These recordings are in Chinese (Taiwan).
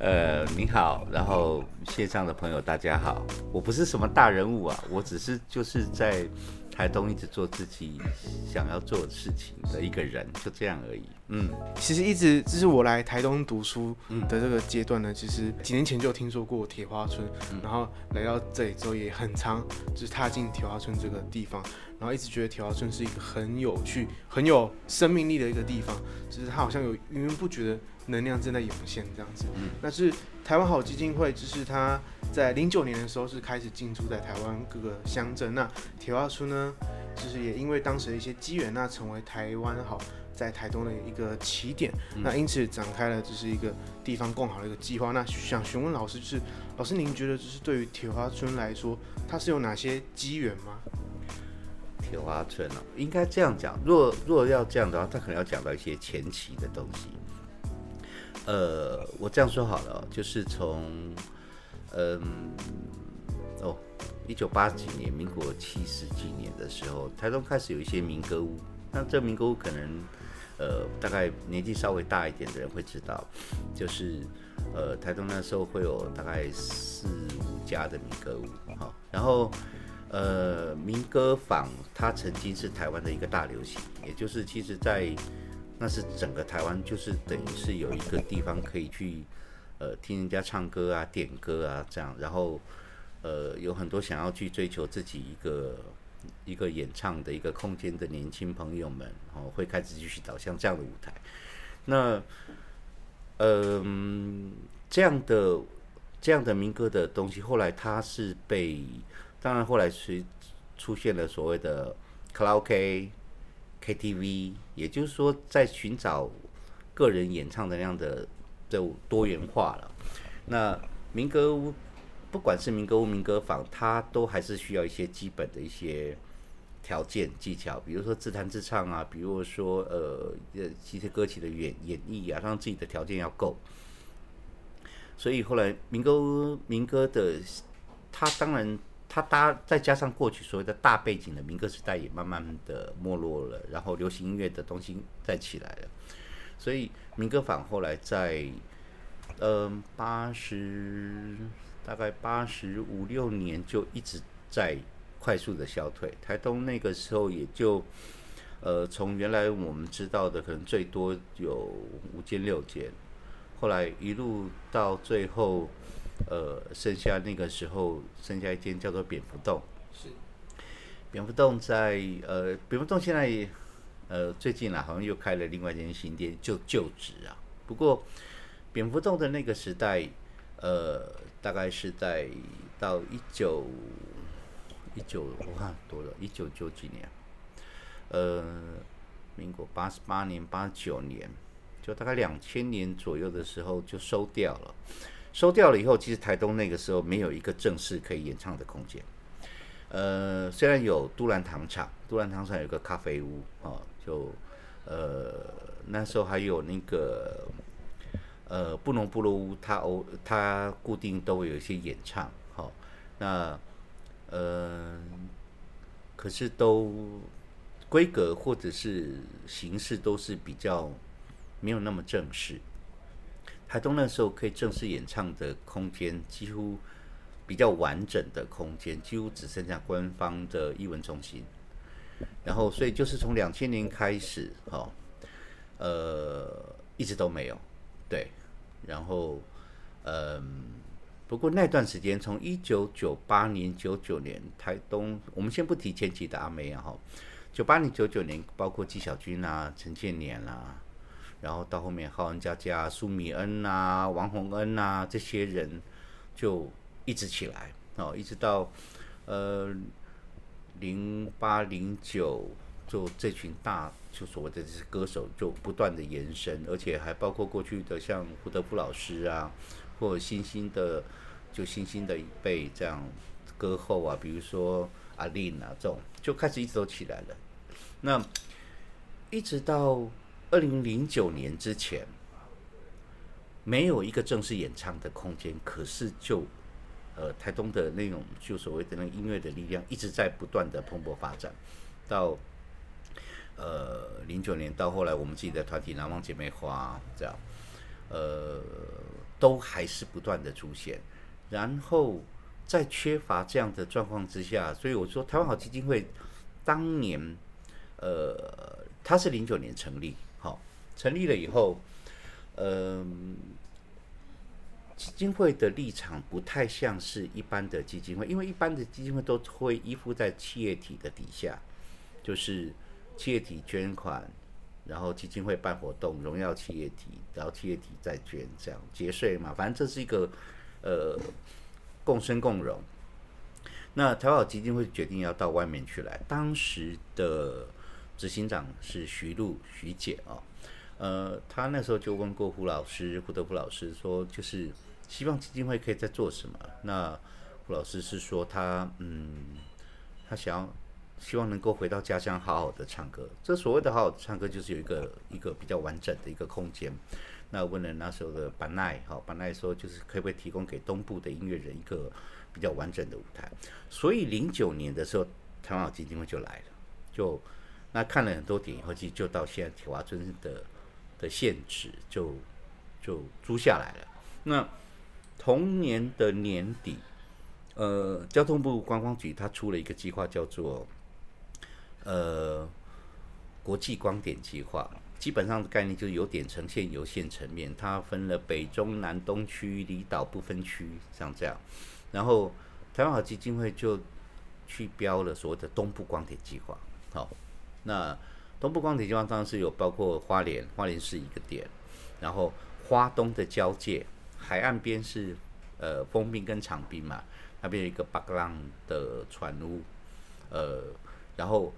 呃，你好，然後線上的朋友大家好，我不是什麼大人物啊，我只是就是在。台東一直做自己想要做的事情的一個人，就這樣而已。嗯，其實一直就是我來台東讀書的這個階段呢，其實，嗯，就是幾年前就聽說過鐵花村，嗯，然後來到這裡之後也很長，就是踏進鐵花村這個地方，然後一直覺得鐵花村是一個很有趣，很有生命力的一個地方，就是它好像有源源不絕的。能量正在湧現，這樣子，嗯、那是台灣好基金會，就是他在零九年的時候是開始進駐在台灣各個鄉鎮。那鐵花村呢，就是也因為當時的一些機緣，那成為台灣好在台東的一個起點、嗯。那因此展開了就是一個地方共好的一個計劃。那想詢問老師，就是老師您覺得，就是對於鐵花村來說，它是有哪些機緣嗎？鐵花村啊、哦，應該這樣講，若若要這樣的話，他可能要講到一些前期的東西。呃，我這樣說好了，就是從，嗯、呃，哦，一九八幾年，民國七十幾年的時候，台東開始有一些民歌舞。那這民歌舞可能，呃，大概年紀稍微大一點的人會知道，就是，呃，台東那時候會有大概四五家的民歌舞，好、哦，然後，呃，民歌坊它曾經是台灣的一個大流行，也就是其實，在那是整個台灣，就是等於是有一個地方可以去，呃，聽人家唱歌啊、點歌啊這樣，然後，呃，有很多想要去追求自己一個一個演唱的一個空間的年輕朋友們，然、哦、後會開始繼續導向這樣的舞台。那，嗯、呃，這樣的這樣的民歌的東西，後來它是被，當然後來是出現了所謂的卡拉 OK。KTV，也就是說，在尋找個人演唱的那樣的就多元化了。那民歌屋，不管是民歌屋、民歌坊，它都還是需要一些基本的一些條件技巧，比如說自彈自唱啊，比如說呃呃，其實歌曲的演演繹啊，讓自己的條件要夠。所以後來民歌民歌的，他當然。它搭再加上過去所謂的大背景的民歌時代也慢慢的沒落了，然後流行音樂的東西再起來了，所以民歌坊後來在，嗯，八十大概八十五六年就一直在快速的消退，台東那個時候也就，呃，從原來我們知道的可能最多有五間六間，後來一路到最後。呃，剩下那個時候，剩下一間叫做蝙蝠洞。是，蝙蝠洞在呃，蝙蝠洞現在呃最近啦，好像又開了另外一間新店，就就職啊。不過蝙蝠洞的那個時代，呃，大概是在到一九一九我看很多了，一九九幾年，呃，民國八十八年、八九年，就大概兩千年左右的時候就收掉了。收掉了以後，其實台東那個時候沒有一個正式可以演唱的空間。呃，雖然有都蘭糖廠，都蘭糖廠有個咖啡屋哦，就呃那時候還有那個呃布農部落屋，他哦他固定都會有一些演唱，好、哦、那呃可是都規格或者是形式都是比較沒有那麼正式。台東那時候可以正式演唱的空間，幾乎比較完整的空間，幾乎只剩下官方的藝文中心。然後，所以就是從兩千年開始，哈、哦，呃，一直都沒有。對，然後，嗯、呃，不過那段時間，從一九九八年、九九年，台東，我們先不提前期的阿妹哈，哦、九八年、九九年，包括紀曉君啦、陳建年啦、啊。然後到後面，昊恩、佳佳、舒米恩啊、王宏恩啊這些人，就一直起來哦，一直到呃零八零九，08, 09, 就這群大就所謂的這些歌手就不斷的延伸，而且還包括過去的像胡德夫老師啊，或者新興的就新興的一輩這樣歌后啊，比如說 A-Lin 啊這種，就開始一直都起來了。那一直到。二零零九年之前，沒有一個正式演唱的空間，可是就呃台東的那種就所謂的那音樂的力量一直在不斷的蓬勃發展。到呃零九年到後來，我們自己的團體南王姐妹花這樣，呃都還是不斷的出現。然後在缺乏這樣的狀況之下，所以我說台灣好基金會當年呃它是零九年成立。成立了以後，嗯、呃，基金會的立場不太像是一般的基金會，因為一般的基金會都會依附在企業體的底下，就是企業體捐款，然後基金會辦活動，榮耀企業體，然後企業體再捐，這樣節稅嘛，反正這是一個呃共生共榮。那台灣好基金會決定要到外面去來，當時的執行長是徐璐徐姐啊、哦。呃，他那時候就問過胡老師，胡德夫老師說，就是希望基金會可以再做什麼？那胡老師是說他，嗯，他想要希望能夠回到家鄉，好好的唱歌。這所謂的好好的唱歌，就是有一個一個比較完整的一個空間。那問了那時候的巴奈、哦，好，巴奈說就是可不可以提供給東部的音樂人一個比較完整的舞台？所以零九年的時候，台灣好基金會就來了，就那看了很多點以後，就就到現在鐵花村的。的限制就就租下來了。那同年的年底，呃，交通部觀光局他出了一個計劃，叫做呃國際光點計劃。基本上概念就是有點呈現有限層面，它分了北中南東區、離島部分區，像這樣。然後台灣好基金會就去標了所謂的東部光點計劃。好，那。東部光體計劃當時有包括花蓮，花蓮是一個點，然後花東的交界海岸邊是呃豐濱跟長濱嘛，那邊有一個巴歌浪的船屋，呃，然後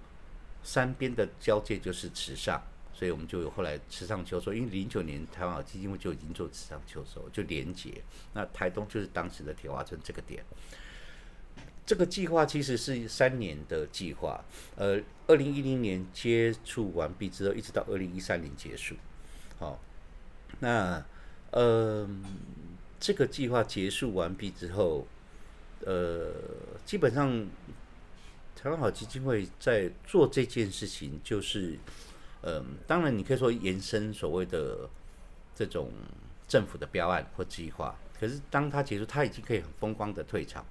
山邊的交界就是池上，所以我們就有後來池上秋收，因為零九年台灣好基金會就已經做池上秋收，就連接那台東就是當時的鐵花村這個點。這個計劃其實是三年的計劃，呃，二零一零年接觸完畢之後，一直到二零一三年結束，好、哦，那呃，這個計劃結束完畢之後，呃，基本上台灣好基金會在做這件事情，就是，嗯、呃，當然你可以說延伸所謂的這種政府的標案或計劃，可是當它結束，它已經可以很風光的退場。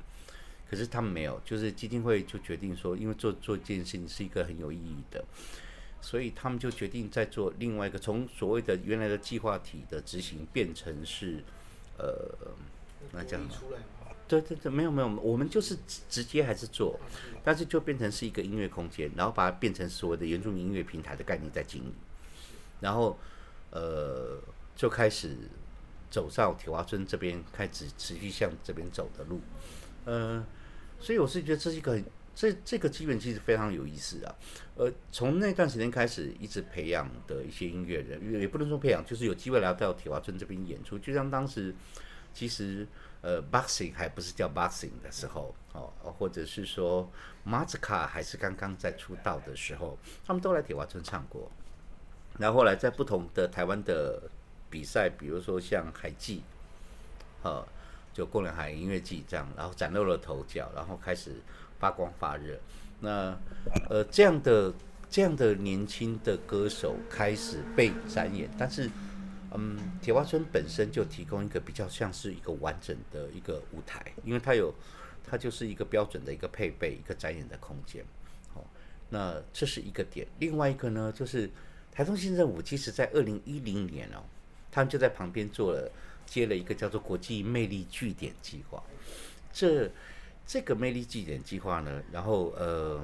可是他們沒有，就是基金會就決定說，因為做做這件事情是一個很有意義的，所以他們就決定再做另外一個，從所謂的原來的計劃體的執行變成是，呃，那這樣子，對對對，沒有沒有，我們就是直接還是做，但是就變成是一個音樂空間，然後把它變成所謂的原住民音樂平台的概念在經營，然後呃就開始走到鐵花村這邊，開始持續向這邊走的路，嗯、呃。所以我是覺得這是一個，這這個機會其實非常有意思啊。呃，從那段時間開始，一直培養的一些音樂人，也也不能說培養，就是有機會來到鐵花村這邊演出。就像當時，其實呃，Boxing 還不是叫 Boxing 的時候，哦，或者是說 Matzka 還是剛剛在出道的時候，他們都來鐵花村唱過。然後後來在不同的台灣的比賽，比如說像海祭，哦就《貢寮海音樂季》這樣，然後嶄露了頭角，然後開始發光發熱。那，呃，這樣的這樣的年輕的歌手開始被展演，但是，嗯，鐵花村本身就提供一個比較像是一個完整的一個舞台，因為它有，它就是一個標準的一個配備、一個展演的空間。哦，那這是一個點。另外一個呢，就是台東縣政府其實，在二零一零年哦，他們就在旁邊做了。接了一個叫做“國際魅力據點”計劃，這這個魅力據點計劃呢，然後嗯、呃，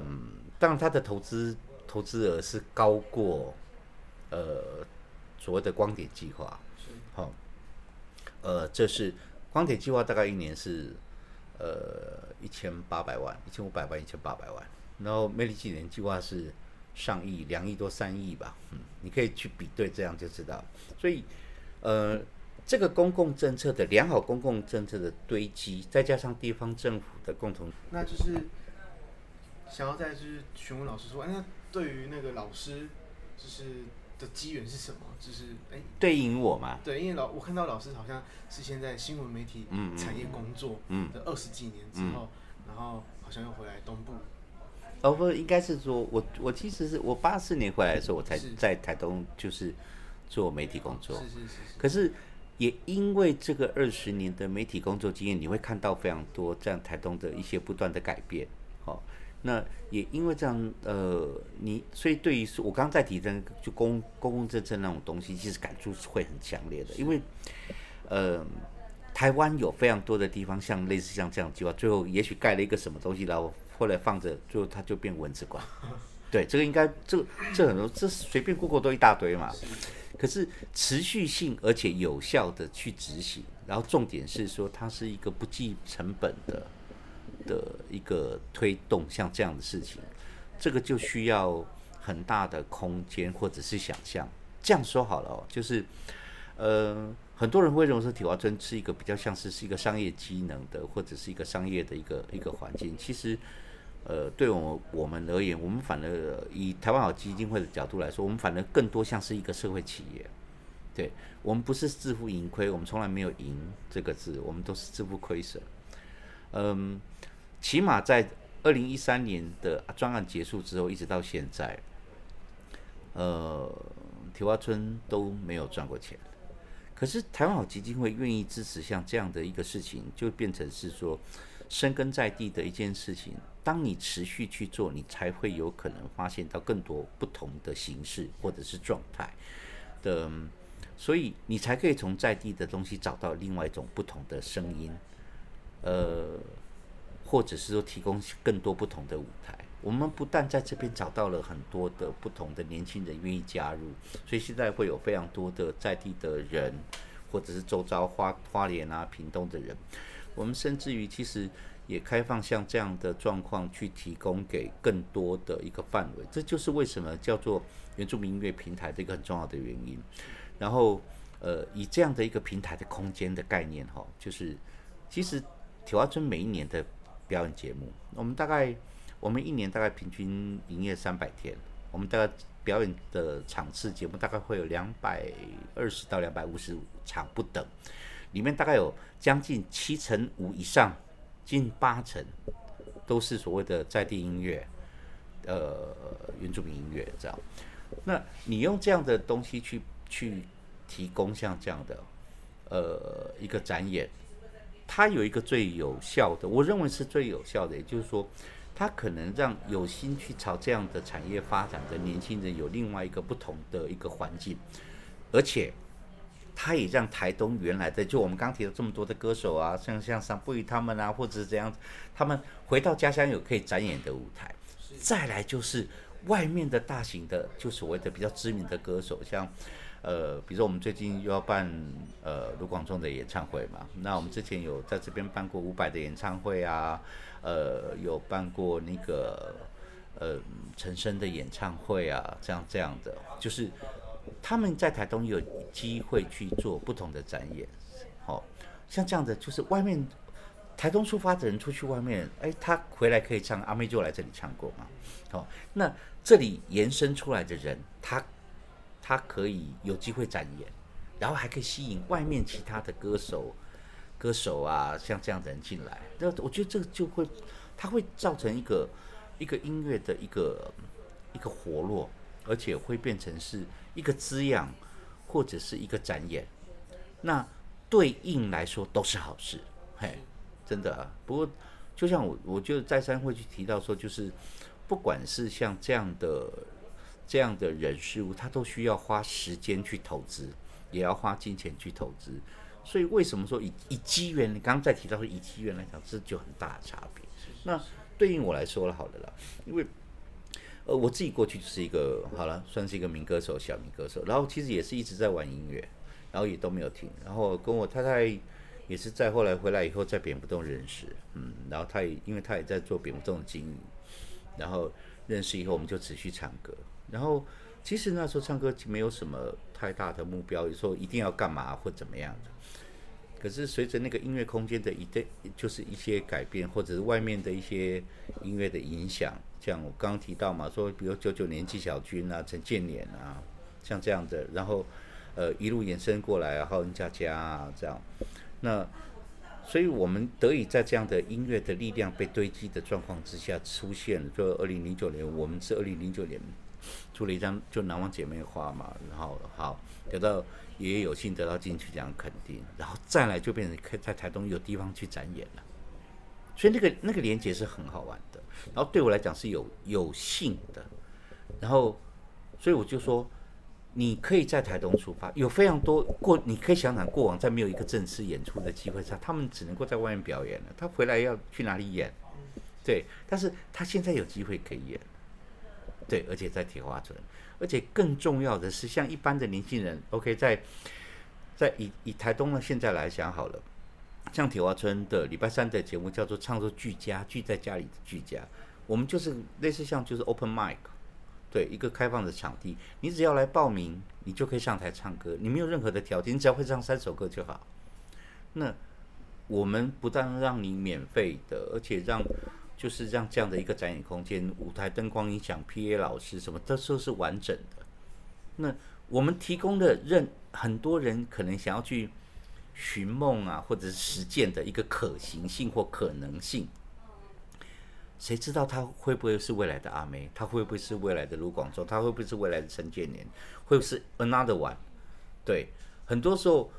當然它的投資投資額是高過呃所謂的光點計劃，好、哦，呃，這是光點計劃大概一年是呃一千八百萬、一千五百萬、一千八百萬，然後魅力據點計劃是上億、兩億多、三億吧，嗯，你可以去比對，這樣就知道，所以呃。嗯這個公共政策的良好公共政策的堆積，再加上地方政府的共同，那就是想要再就是詢問老師說，哎，那對於那個老師，就是的機緣是什麼？就是哎，對應我嘛？對，因為老我看到老師好像是現在新聞媒體產業工作，嗯，的二十幾年之後、嗯嗯嗯，然後好像又回來東部，哦不，應該是說我我其實是我八四年回來的時候，我才在台東就是做媒體工作，是是是，是，是，可是。也因為這個二十年的媒體工作經驗，你會看到非常多這樣台東的一些不斷的改變。哦，那也因為這樣，呃，你所以對於我剛剛在提的、那個，就公公共政策那種東西，其實感觸是會很強烈的，因為，呃，台灣有非常多的地方，像類似像這樣計劃，最後也許蓋了一個什麼東西，然後後來放着，最後它就變蚊子館。對，這個應該，這個這很多，這隨便 Google 都一大堆嘛。可是持續性而且有效的去執行，然後重點是說它是一個不計成本的的一個推動，像這樣的事情，這個就需要很大的空間或者是想象。這樣說好了哦，就是呃，很多人會認為說鐵花村是一個比較像是是一個商業機能的，或者是一個商業的一個一個環境，其實。呃，對我我們而言，我們反而以台灣好基金會的角度來說，我們反而更多像是一個社會企業。對，我們不是自負盈虧，我們從來沒有“盈”這個字，我們都是自負虧損。嗯，起碼在二零一三年的專案結束之後，一直到現在，呃，鐵花村都沒有賺過錢。可是台灣好基金會願意支持像這樣的一個事情，就變成是說深耕在地的一件事情。當你持續去做，你才會有可能發現到更多不同的形式或者是狀態的，所以你才可以從在地的東西找到另外一種不同的聲音，呃，或者是說提供更多不同的舞台。我們不但在這邊找到了很多的不同的年輕人願意加入，所以現在會有非常多的在地的人，或者是周遭花花蓮啊、屏東的人，我們甚至於其實。也開放像這樣的狀況去提供給更多的一個範圍，這就是為什麼叫做原住民音樂平台的一個很重要的原因。然後，呃，以這樣的一個平台的空間的概念，哈，就是其實鐵花村每一年的表演節目，我們大概我們一年大概平均營業三百天，我們大概表演的場次節目大概會有兩百二十到兩百五十場不等，裡面大概有將近七成五以上，近八成都是所謂的在地音樂，呃，原住民音樂這樣。那你用這樣的東西去去提供像這樣的呃一個展演，它有一個最有效的，我認為是最有效的，也就是說，它可能讓有心去朝這樣的產業發展的年輕人有另外一個不同的一個環境，而且。他也讓台東原來的，就我們剛提到這麼多的歌手啊，像像桑布伊他們啊，或者是怎樣，他們回到家鄉有可以展演的舞台。再來就是外面的大型的，就所謂的比較知名的歌手，像，呃，比如說我們最近又要辦呃盧廣仲的演唱會嘛，那我們之前有在這邊辦過伍佰的演唱會啊，呃，有辦過那個呃陳升的演唱會啊，這樣這樣的就是。他們在台東有機會去做不同的展演，好、哦，像這樣的就是外面台東出發的人出去外面，哎，他回來可以唱，阿妹就來這裡唱過嘛，好、哦，那這裡延伸出來的人，他他可以有機會展演，然後還可以吸引外面其他的歌手歌手啊，像這樣的人進來，那我覺得這個就會，他會造成一個一個音樂的一個一個活絡，而且會變成是。一個滋養，或者是一個展演，那對應來說都是好事，嘿，真的啊。不過，就像我，我就再三會去提到說，就是不管是像這樣的這樣的人事物，他都需要花時間去投資，也要花金錢去投資。所以，為什麼說以以機緣？你剛剛在提到說以機緣來講，這就很大的差別。那對應我來說了，好的了啦，因為。呃，我自己過去就是一個，好了，算是一個民歌手，小民歌手。然後其實也是一直在玩音樂，然後也都沒有停。然後跟我太太也是在後來回來以後，在蝙蝠洞認識，嗯，然後她也因為她也在做蝙蝠洞的經營，然後認識以後我們就持續唱歌。然後其實那時候唱歌沒有什麼太大的目標，有時候一定要幹嘛或怎麼樣的。可是隨着那個音樂空間的一代，就是一些改變，或者是外面的一些音樂的影響。像我剛剛提到嘛，說比如九九年紀曉君啊、陳建年啊，像這樣子，然後呃一路延伸過來、啊，昊恩家家啊這樣，那所以我們得以在這樣的音樂的力量被堆積的狀況之下出現，就二零零九年，我們是二零零九年出了一張就《南王姊妹花》嘛，然後好得到也有幸得到金曲獎肯定，然後再來就變成可以在台東有地方去展演了。所以那個那個連結是很好玩的，然後對我來講是有有幸的，然後，所以我就說，你可以在台東出發，有非常多過，你可以想想過往在沒有一個正式演出的機會上，他們只能夠在外面表演了，他回來要去哪裡演？對，但是他現在有機會可以演，對，而且在鐵花村，而且更重要的是，像一般的年輕人，OK，在在以以台東呢現在來想好了。像鐵花村的禮拜三的節目叫做“唱作俱佳”，聚在家裡的俱佳。我們就是類似像就是 open mic，對，一個開放的場地，你只要來報名，你就可以上台唱歌，你沒有任何的條件，你只要會唱三首歌就好。那我們不但讓你免費的，而且讓就是讓這樣的一個展演空間，舞台、燈光、音響、P A 老師什麼，這都是完整的。那我們提供的任，很多人可能想要去，尋夢啊，或者是實踐的一個可行性，或可能性，誰知道他會不會是未來的阿妹？他會不會是未來的盧廣仲？他會不會是未來的陳建年？會不會是 another one？對，很多時候，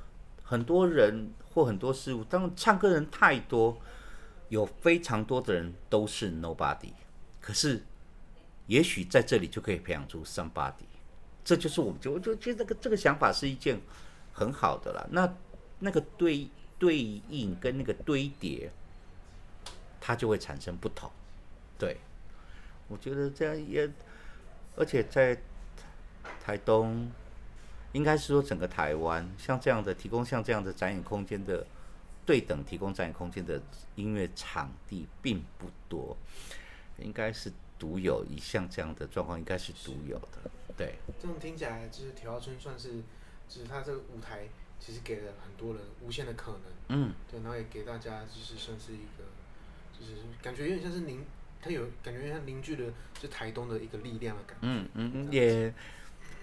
很多人或很多事物，當唱歌人太多，有非常多的人都是 nobody。可是，也許在這裡就可以培養出 somebody。這就是我就我就覺得這個這個想法是一件很好的了。那。那個對對應跟那個堆疊，它就會產生不同。對，我覺得這樣也，而且在台東，應該是說整個台灣，像這樣的提供像這樣的展演空間的對等提供展演空間的音樂場地並不多，應該是獨有一項這樣的狀況，應該是獨有的。對，這種聽起來就是鐵花村算是，只是它這個舞台，其實給了很多人無限的可能，嗯，對，然後也給大家就是算是一個，就是感覺有點像是凝，它有感覺有像凝聚了是台東的一個力量的感覺，嗯嗯嗯，也，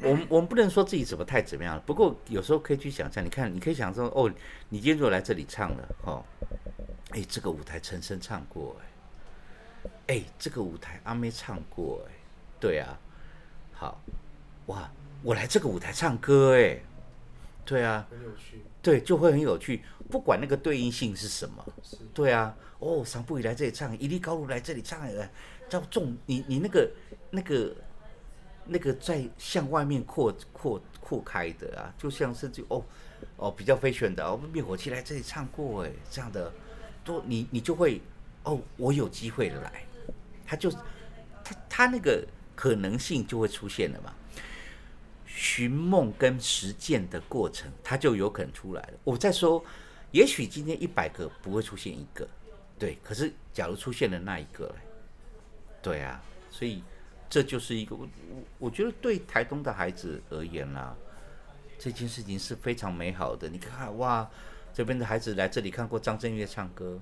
我們我們不能說自己怎麼太怎麼樣了， 不過有時候可以去想象，你看，你可以想說哦，你今天如果來這裡唱了，哦，哎、欸，這個舞台陳升唱過哎、欸，哎、欸，這個舞台阿妹唱過哎、欸，對啊，好，哇，我來這個舞台唱歌哎、欸。對啊，很有趣。對，就會很有趣，不管那個對應性是什麼。對啊，哦，散步以來這裡唱，一粒高露來這裡唱，叫重你你那個那個那個在向外面擴擴擴開的啊，就像是就哦哦比較飛全的，哦滅火器來這裡唱過哎這樣的，都你你就會哦我有機會的來，他就他他那個可能性就會出現了嘛。尋夢跟實踐的過程，它就有可能出來了。我在說，也許今天一百個不會出現一個，對。可是，假如出現了那一個嘞，對啊，所以這就是一個我我覺得對台東的孩子而言啦、啊，這件事情是非常美好的。你看哇，這邊的孩子來這裡看過張震岳唱歌，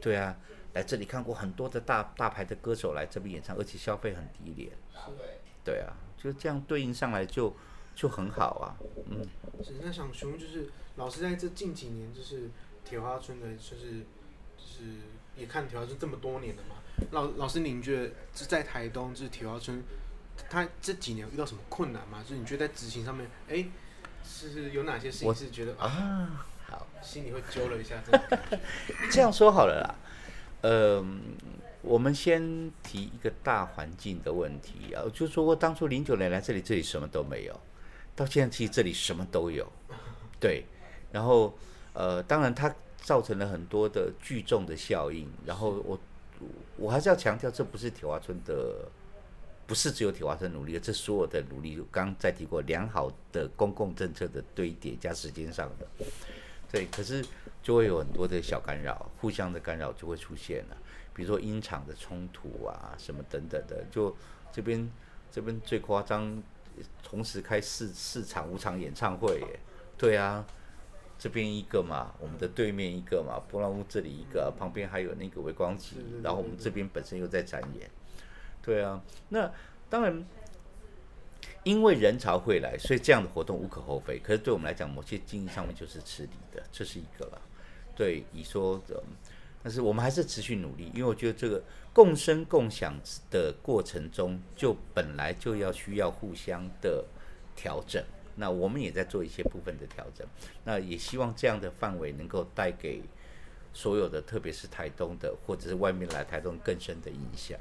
對啊，來這裡看過很多的大大牌的歌手來這邊演唱，而且消費很低廉，對啊。就這樣對應上來就就很好啊，嗯。是那想問就是老師在這近幾年就是鐵花村的，就是就是也看鐵花村這麼多年了嘛。老老師，您覺得就在台東就是鐵花村，他這幾年遇到什麼困難嗎？就是你覺得在執行上面，哎，是是有哪些事情？我是覺得啊，啊，好，心裡會揪了一下。 這樣 這樣說好了啦，嗯、呃。我們先提一個大環境的問題啊，就是說，我當初零九年來這裡，這裡什麼都沒有，到現在其實這裡什麼都有，對。然後，呃，當然它造成了很多的聚眾的效應。然後我我還是要強調，這不是鐵花村的，不是只有鐵花村努力，這所有的努力，剛在提過，良好的公共政策的堆疊加時間上的，對。可是就會有很多的小干擾，互相的干擾就會出現了啊。比如說音場的衝突啊，什麼等等的，就這邊這邊最誇張，同時開四四場五場演唱會耶，對啊，這邊一個嘛，我們的對面一個嘛，波浪屋這裡一個，啊，旁邊還有那個微光集，然後我們這邊本身又在展演，對啊，那當然，因為人潮會來，所以這樣的活動無可厚非。可是對我們來講，某些經營上面就是吃力的，這是一個了，對你說的。呃但是我們還是持續努力，因為我覺得這個共生共享的過程中，就本來就要需要互相的調整。那我們也在做一些部分的調整，那也希望這樣的範圍能夠帶給所有的，特別是台東的或者是外面來台東更深的影響。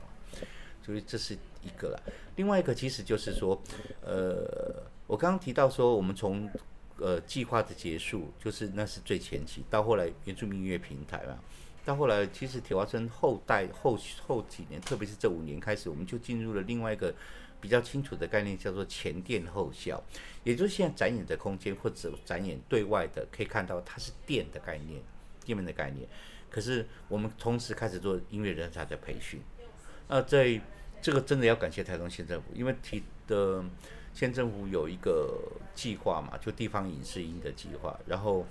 所以這是一個啦。另外一個其實就是說，呃，我剛剛提到說，我們從呃計劃的結束，就是那是最前期，到後來原住民音樂平台嘛。到後來，其實鐵花村後代後後幾年，特別是這五年開始，我們就進入了另外一個比較清楚的概念，叫做前店後校。也就是現在展演的空間或者，展演對外的，可以看到它是店的概念，店面的概念。可是我們同時開始做音樂人才的培訓。那在這個真的要感謝台東縣政府，因為提的縣政府有一個計劃嘛，就地方影視音的計劃，然後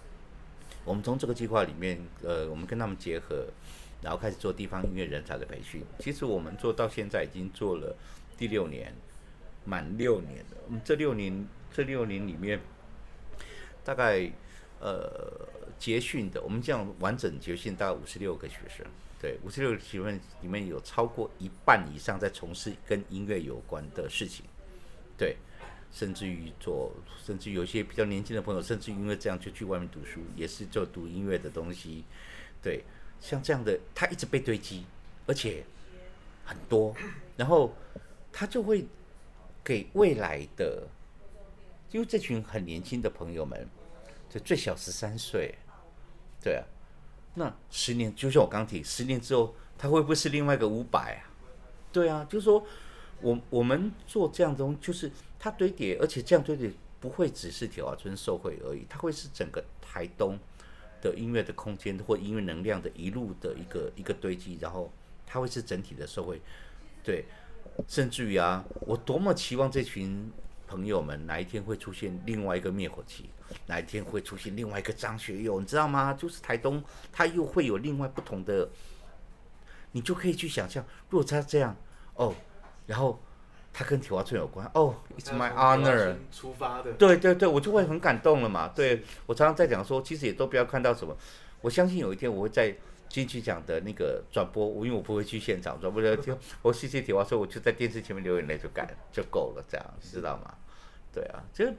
我們從這個計劃裡面，呃，我們跟他們結合，然後開始做地方音樂人才的培訓。其實我們做到現在已經做了第六年，滿六年了。這六年這六年裡面，大概呃結訓的，我們這樣完整結訓大概五十六個學生，對，五十六個學生裡面有超過一半以上在從事跟音樂有關的事情，對。甚至於做，甚至有些比較年輕的朋友，甚至因為這樣就去外面讀書，也是做讀音樂的東西。對，像這樣的，它一直被堆積，而且很多，然後他就會給未來的，因為這群很年輕的朋友們，就最小十三歲，對啊，那十年，就像我剛提，十年之後，他會不會是另外一個五百啊？對啊，就是說我我們做這樣的東西，就是。它堆疊，而且這樣堆疊不會只是鐵花村受惠而已，它會是整個台東的音樂的空間或音樂能量的一路的一個一個堆積，然後它會是整體的社會，對，甚至於啊，我多麼期望這群朋友們哪一天會出現另外一個滅火器，哪一天會出現另外一個張學友，你知道嗎？就是台東，它又會有另外不同的，你就可以去想象，如果他這樣哦，然後。它跟鐵花村有關哦、oh，It's my honor，出發的。對對對，我就會很感動了嘛。對，我常常在講說，其實也都不要看到什麼。我相信有一天我會在金曲獎的那個轉播，因為我不會去現場轉播的。我謝謝鐵花村，我就在電視前面流眼淚就夠了，這樣知道嗎？對啊，就是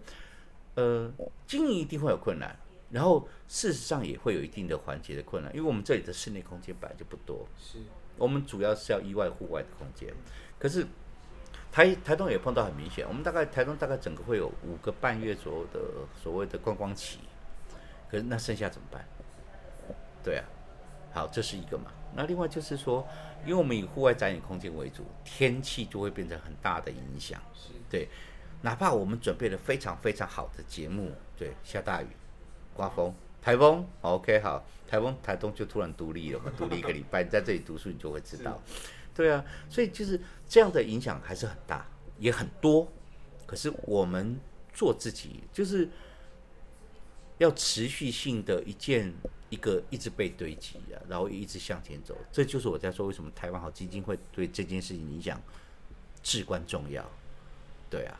呃，經營一定會有困難，然後事實上也會有一定的環節的困難，因為我們這裡的室內空間本來就不多，是我們主要是要依賴戶外的空間，可是。台台東也碰到很明顯，我們大概台東大概整個會有五個半月左右的所謂的觀光期，可是那剩下怎麼辦？對啊，好，這是一個嘛。那另外就是說，因為我們以戶外展演空間為主，天氣就會變成很大的影響。是。對，哪怕我們準備了非常非常好的節目，對，下大雨、颳風、颱風，OK，好，颱風台東就突然獨立了，我們獨立一個禮拜， 你在這裡讀書你就會知道。對啊，所以就是這樣的影響還是很大，也很多。可是我們做自己，就是要持續性的一件一個一直被堆積啊，然後一直向前走。這就是我在說為什麼台灣好基金會對這件事情影響至關重要。對啊，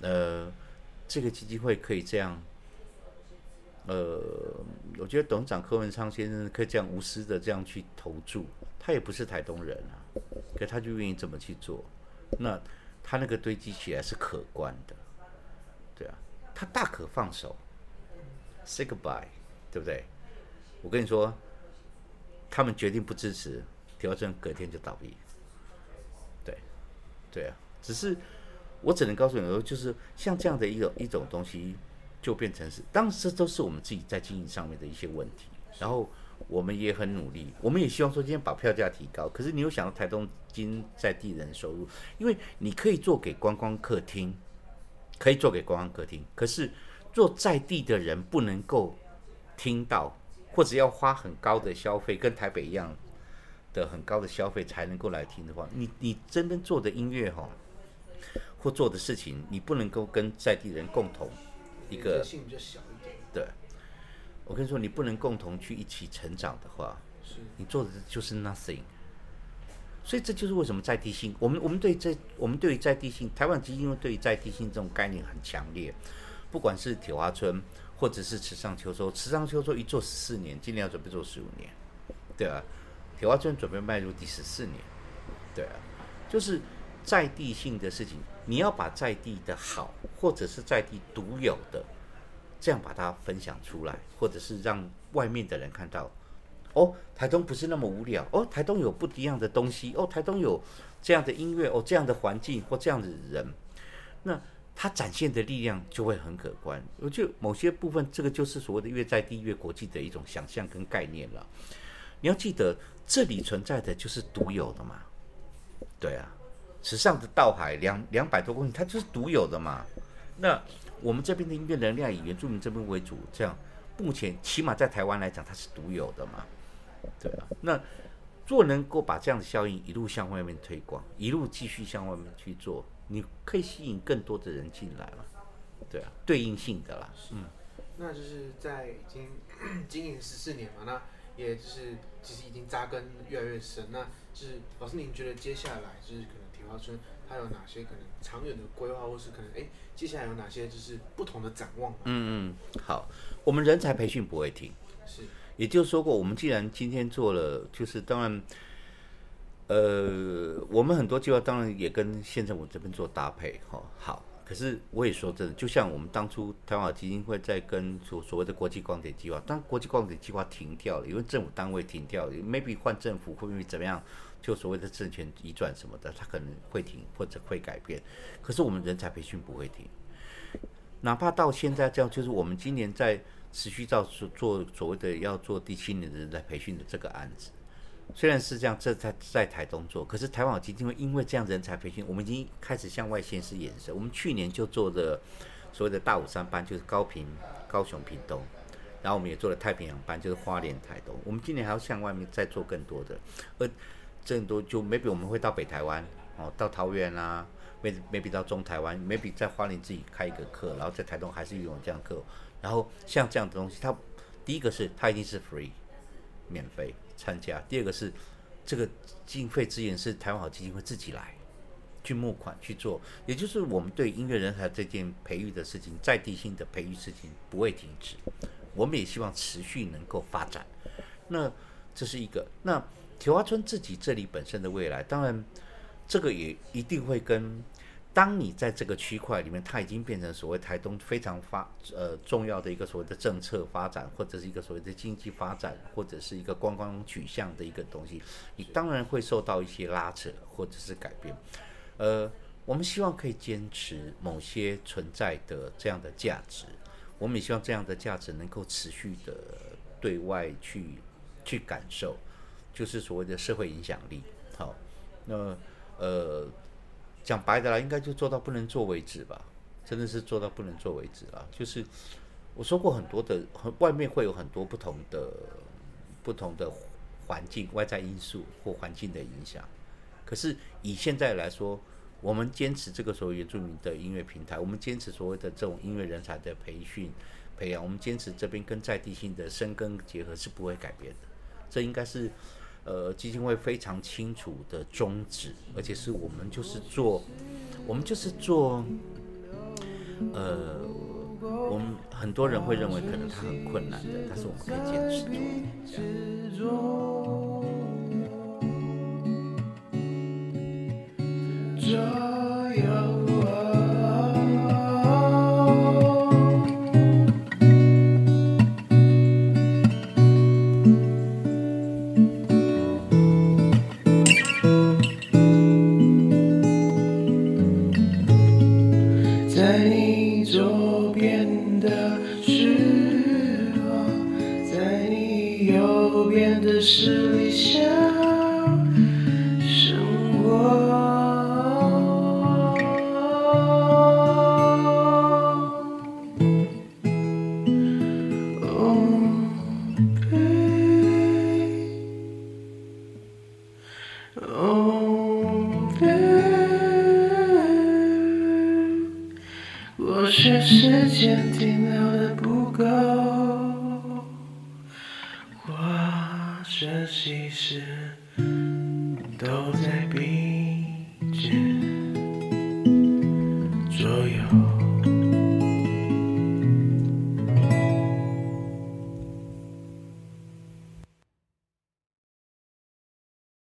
呃，這個基金會可以這樣。呃，我覺得董事長柯文昌先生可以這樣無私地這樣去投注，他也不是台東人啊，可他就願意這麼去做，那他那個堆積起來是可觀的，對啊，他大可放手，say goodbye、嗯，對，對，嗯、對不對？我跟你說，他們決定不支持，調整隔天就倒閉，對，對啊，只是我只能告訴你說，就是像這樣的一種一種東西。就變成是，當時都是我們自己在經營上面的一些問題，然後我們也很努力，我們也希望說今天把票價提高，可是你又想到台東今在地人收入？因為你可以做給觀光客聽，可以做給觀光客聽，可是做在地的人不能夠聽到，或者要花很高的消費，跟台北一樣的很高的消費才能夠來聽的話，你你真正做的音樂哈，或做的事情，你不能夠跟在地人共同。一個，對，我跟你說，你不能共同去一起成長的話，你做的就是 nothing。所以這就是為什麼在地性，我們我們對這我們對於在地性，台灣基金會對於在地性這種概念很強烈。不管是鐵花村，或者是池上秋收，池上秋收一做十四年，今年要準備做十五年，對啊，鐵花村準備邁入第十四年，對啊，就是在地性的事情。你要把在地的好，或者是在地獨有的，這樣把它分享出來，或者是讓外面的人看到，哦，台東不是那麼無聊，哦，台東有不一樣的東西，哦，台東有這樣的音樂，哦，這樣的環境或這樣的人，那它展現的力量就會很可觀。我就某些部分，這個就是所謂的越在地越國際的一種想象跟概念了。你要記得，這裡存在的就是獨有的嘛，對啊。時尚的稻海，兩兩百多公里，它就是獨有的嘛。那我們這邊的音樂能量以原住民這邊為主，這樣目前起碼在台灣來講，它是獨有的嘛，對啊。那若能夠把這樣的效應一路向外面推廣，一路繼續向外面去做，你可以吸引更多的人進來嘛，對啊，對啊，對應性的啦。嗯，那就是在已經經營十四年嘛，那也就是其實已經扎根越來越深。那就是老師，您覺得接下來就是可能？花村他有哪些可能長遠的規劃，或是可能哎、欸、接下來有哪些就是不同的展望？嗯嗯，好，我們人才培訓不會停，是，也就是說過我們既然今天做了，就是當然，呃，我們很多計劃當然也跟縣政府這邊做搭配哈、哦。好，可是我也說真的，就像我們當初台灣基金會在跟所所謂的國際光點計劃，當國際光點計劃停掉了，因為政府單位停掉了，maybe 換政府會不會怎麼樣？就所謂的政權移轉什麼的，它可能會停或者會改變，可是我們人才培訓不會停，哪怕到現在這樣，就是我們今年在持續到所做所謂的要做第七年的人才培訓的這個案子，雖然是這樣，這在在台東做，可是台灣好基金會因為這樣人才培訓，我們已經開始向外先是延伸。我們去年就做的所謂的大武山班，就是高屏、高雄、屏東，然後我們也做了太平洋班，就是花蓮台東，我們今年還要向外面再做更多的，這很多就 maybe 我們會到北台灣，哦，到桃園啊，maybe maybe 到中台灣，maybe 在花蓮自己開一個課，然後在台東還是有我們這樣課。然後像這樣的東西，它第一個是它一定是 free，免費參加。第二個是這個經費資源是台灣好基金會自己來，去募款去做。也就是我們對音樂人才這件培育的事情，在地性的培育事情不會停止，我們也希望持續能夠發展。那這是一個那。鐵花村自己這裡本身的未來，當然，這個也一定會跟當你在這個區塊裡面，它已經變成所謂台東非常發呃重要的一個所謂的政策發展，或者是一個所謂的經濟發展，或者是一個觀光取向的一個東西，你當然會受到一些拉扯或者是改變。呃，我們希望可以堅持某些存在的這樣的價值，我們也希望這樣的價值能夠持續的對外去去感受。就是所謂的社會影響力，好，那呃，講白的了，應該就做到不能做為止吧，真的是做到不能做為止了。就是我說過很多的，很外面會有很多不同的不同的環境、外在因素或環境的影響。可是以現在來說，我們堅持這個所謂原住民的音樂平台，我們堅持所謂的這種音樂人才的培訓培養，我們堅持這邊跟在地性的深耕結合是不會改變的。這應該是。呃，基金會非常清楚的宗旨，而且是我們就是做，我們就是做，呃，我們很多人會認為可能它很困難的，但是我們可以堅持做，嗯。這樣。嗯在你左邊的是我，在你右邊的是理想。